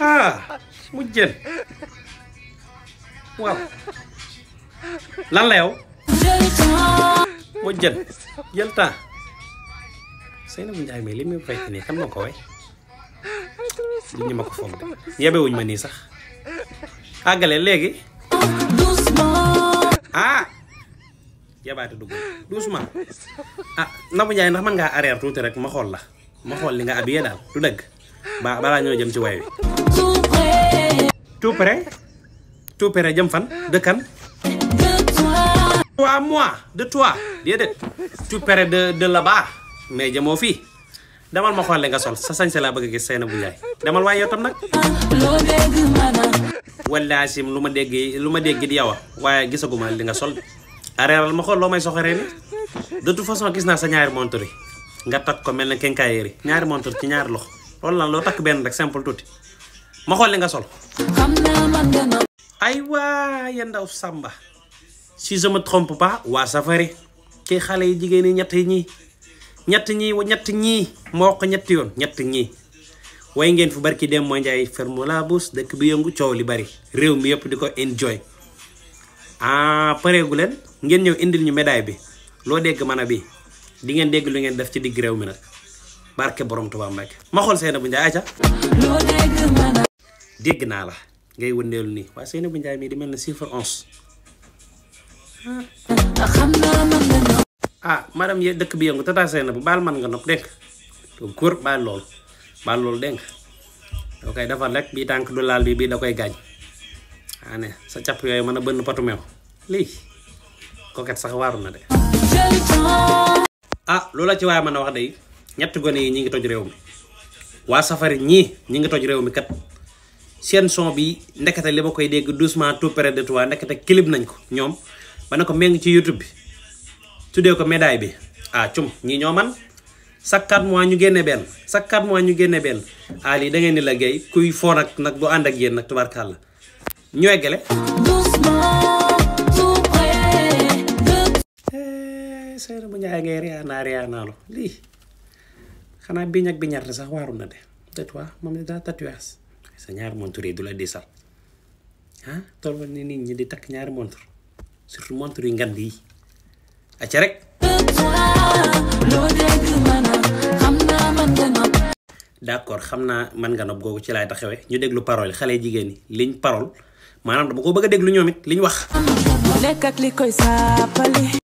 ah mu jël waaw lan la yow mu jël jël temps Seynabou Ndiaye mais li muy fekk nii kan moo ko way du ñu ma ko foog de yebewuñ ma nii sax àggale léegi ah yabaate dugg doucement ah Nabou Ndiaye ndax mën nga arrière tuuti rek ma xool la ma xool li nga abiyee daal du dëgg ba balaa ñoo jëm ci way tout près tout près jëm fan de kan toi moi de toi déedéet tout près de de là-bas mais jëmoo fii demal ma xool nga sol sa sañse laa bëgg a gis Seynabou Ndiaye demal waaye yow tam nag wallaahi sim luma ma dégg lu ma dégg di yow waaye gisaguma li nga sol areeral ma xool loo may soxoree ni de toute façon gis naa sa ñaari montre nga takk ko mel ne kenkaayeri montre ci lan rek simple ma xol li nga sol ay wa ya ndaw samba si je me trompe pas wa safari ci xalé yi jigéen yi ñi ñett ñi ñett ñi moko ko ñett yoon ñett ñi way e ngeen fu barki dem mo nday e fermo la bus dekk bi yëngu ciow li bari rew mi yëpp diko enjoy ah gu len ngeen ñew indil ñu médaille bi lo dégg mana bi di ngeen dégg lu ngeen def ci dig rew mi nak barke borom tuba ma xol seena bu dégg naa la ngay ni wa seyna bu ndjay mi di melni ne chiffre onze ah madame ye dekk bi yëngu tata bu bal man nga nopp dégg nga gor ba lol ba lol dégg okay dafa lek bi tank du lal bi bi dakoy gañ ané ah, sa càpp yoy mën bënn patu meew lii koket sax waru na de ah lola ci waaye mën a wax de ñett gone yi ñi ngi toj réew mi wa safari ñi ñi ngi toj réew mi kat sen son bi ndekete li ma koy dégg doucement tout près de toi ndekete clip nañ ko ñom ba meng ci youtube bi tudé ko médaille bi ah cium ñi ñoo man chaque 4 mois ñu génné ben sa 4 mois ñu génné ben ali ah, da ngay ni la gay kuy fo nak nak du and ak yéen nag tubaarkàlla ñu eggale sayna bu ñaay ngay na lo li xana biñ ak biñarte sax waru na de de toi mom da tatouage sa ñaar montre yi du la diisal ah tolo ni nit ñi di tak ñaar montre surtout montre yi ngand yi acca rek d'accord xamna man nga nopp gogu ci lay taxawee ñu déglu parole xalé jigéen ñi liñ parole manam dama ko bëgg a déglu ñomit liñ wax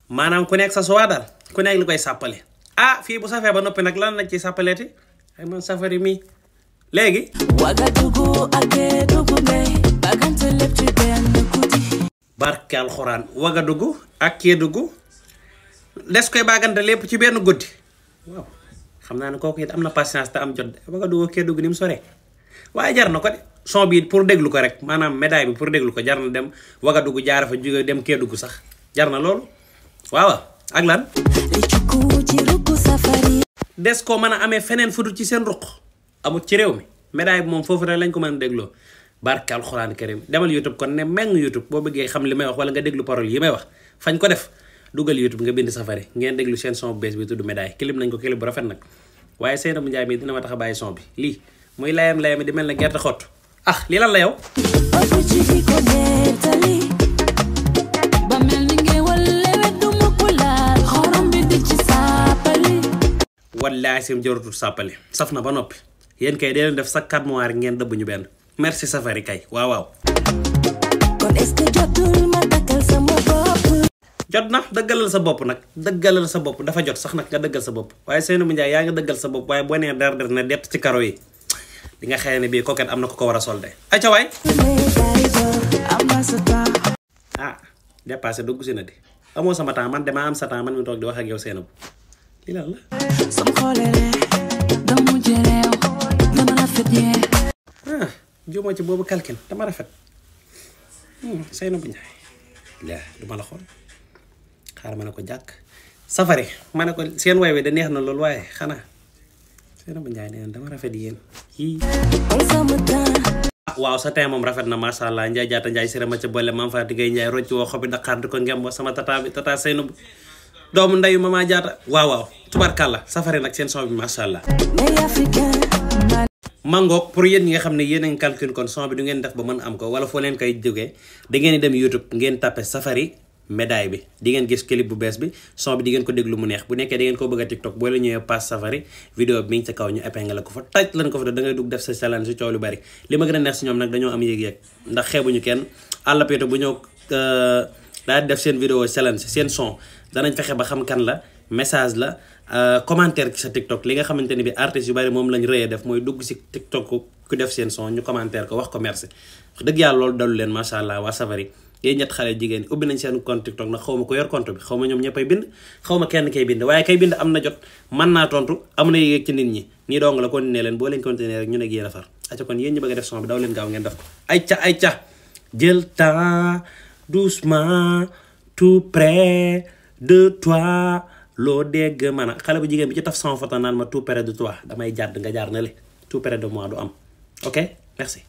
manam ku nekk sa so wadal ku nekk li koy ah fi bu safee ba nopi nak lan la ci sàppaleeti ay man safari mi legi barke alxuraan Wagadugu ak Kédougou des koy baagante lépp ci benn guddi waaw xam naa ne kooku it am na patience te am jot Wagadugu Kédougou ni mu soree waaye jar na ko de son bi pour déglu ko rek Mana medai bi pour déglu ko jar na dem Wagadugu jaara fa jóge dem Kédougou sax jar na lol waaw ak lan. des ko mana a fenen fudu ci sen ruq. amut ci réew mi médaille bi moom foofu rek lañ ko mën a dégloo barke alxuraan karim demal youtube kon ne meng youtube boo bëggee xam li may wax wala nga déglu parole yi may wax fañ ko def dugal youtube nga bind safari ngeen déglu seen son bu bees bi tudd médaille clip nañ ko clip bu rafet nag waaye Seynabou Ndiaye mi dina ma tax a bàyyi son bi lii muy layam layam di mel na gerte xott ah lii lan la yow wallaahi sim jarutul sàppali saf na ba noppi yen kay dee leen def sa armoire ngeen dëbb ñu ben merci safari kay waaw waaw kon est ce jotul ma dakkal sama bopp jot na dëggalal sa bop nak dëggalal sa bop dafa jot sax nak nga dëggal ah, sa bop waye seenu mu njaay ya nga dëggal sa bop waye bo ne der der na dett ci karo yi di nga xeyene bi bii koket amna na ko ko war a solde aca waay ah dépassé dugg si na di amo sama temps man dama am sa temps man mi tok di wax ak yow seenu la seenabu lii lan la ah juumoo ci boobu calcul dama rafet Seynou bu Njaay la du ma la xool xaar ma ne safari ma ne ko seen way wi da neex na loolu waaye xanaa Seynou bu Njaay neen dama rafet yéen yii waaw sa tey moom rafet na macha allah Njaay jaata Njaay sira ma ca xobi sama tata bi tata Seynou bu doomu memajar. mama jaata waaw waaw tubarkàlla safari nag seen bi allah mangok pour yeen nga xamne yeen yéen calcul kon son bi du ngeen def ba man am ko wala fo len kay jógee da ngeen dem youtube ngeen taper safari médaille bi di ngeen gis clip bu bes bi son bi di ngeen ko deglu mu neex bu nekké da ngeen ko bëgg tiktok bo la ñëwé pass safari vidéo bi mi ngi kaw ñu épingle ko fa taj lan ko fa da ngay dug def sa challenge si ciow lu bari li ma gën neex ci ñom nak dañoo am yegg yegg ndax xeebuñu kenn àll pété bu euh da def seen vidéo challenge seen son nañ fexé ba xam kan la message la Euh, commentaire ci sa TikTok li nga xamante ne bi artistes yu bari moom lañ rëyee def mooy dugg si TikTok ku def seen son ñu commentaire ko wax ko dëgg yàlla loolu dalu leen macha allah waa Safari yéen ñett xale jigéen ubbi nañ seen compte TikTok nag xaw ko yor compte tout près de toi loo dégg man a xale bu jigéen bi ci taf sama foto naan ma tout près de toi damay jàdd nga jaar na le tout près de moi du am ok merci